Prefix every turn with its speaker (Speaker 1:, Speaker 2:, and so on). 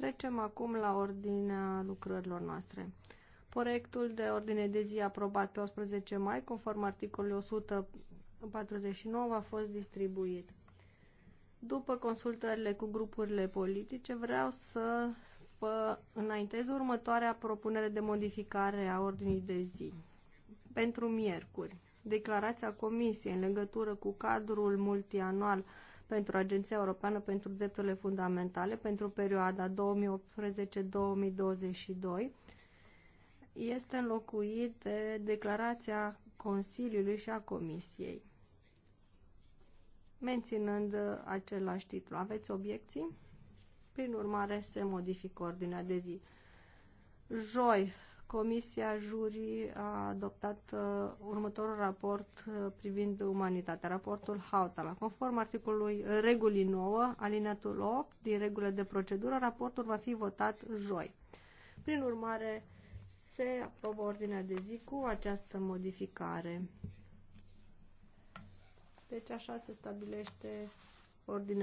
Speaker 1: Trecem acum la ordinea lucrărilor noastre. Proiectul de ordine de zi aprobat pe 18 mai, conform articolului 149, a fost distribuit. După consultările cu grupurile politice, vreau să vă înaintez următoarea propunere de modificare a ordinii de zi pentru miercuri declarația Comisiei în legătură cu cadrul multianual pentru Agenția Europeană pentru Drepturile Fundamentale pentru perioada 2018-2022 este înlocuit de declarația Consiliului și a Comisiei, menținând același titlu. Aveți obiecții? Prin urmare, se modifică ordinea de zi. Joi, Comisia Juri a adoptat uh, următorul raport uh, privind umanitatea, raportul Hautala. Conform articolului uh, regulii 9, alineatul 8 din regulile de procedură, raportul va fi votat joi. Prin urmare, se aprobă ordinea de zi cu această modificare. Deci așa se stabilește ordinea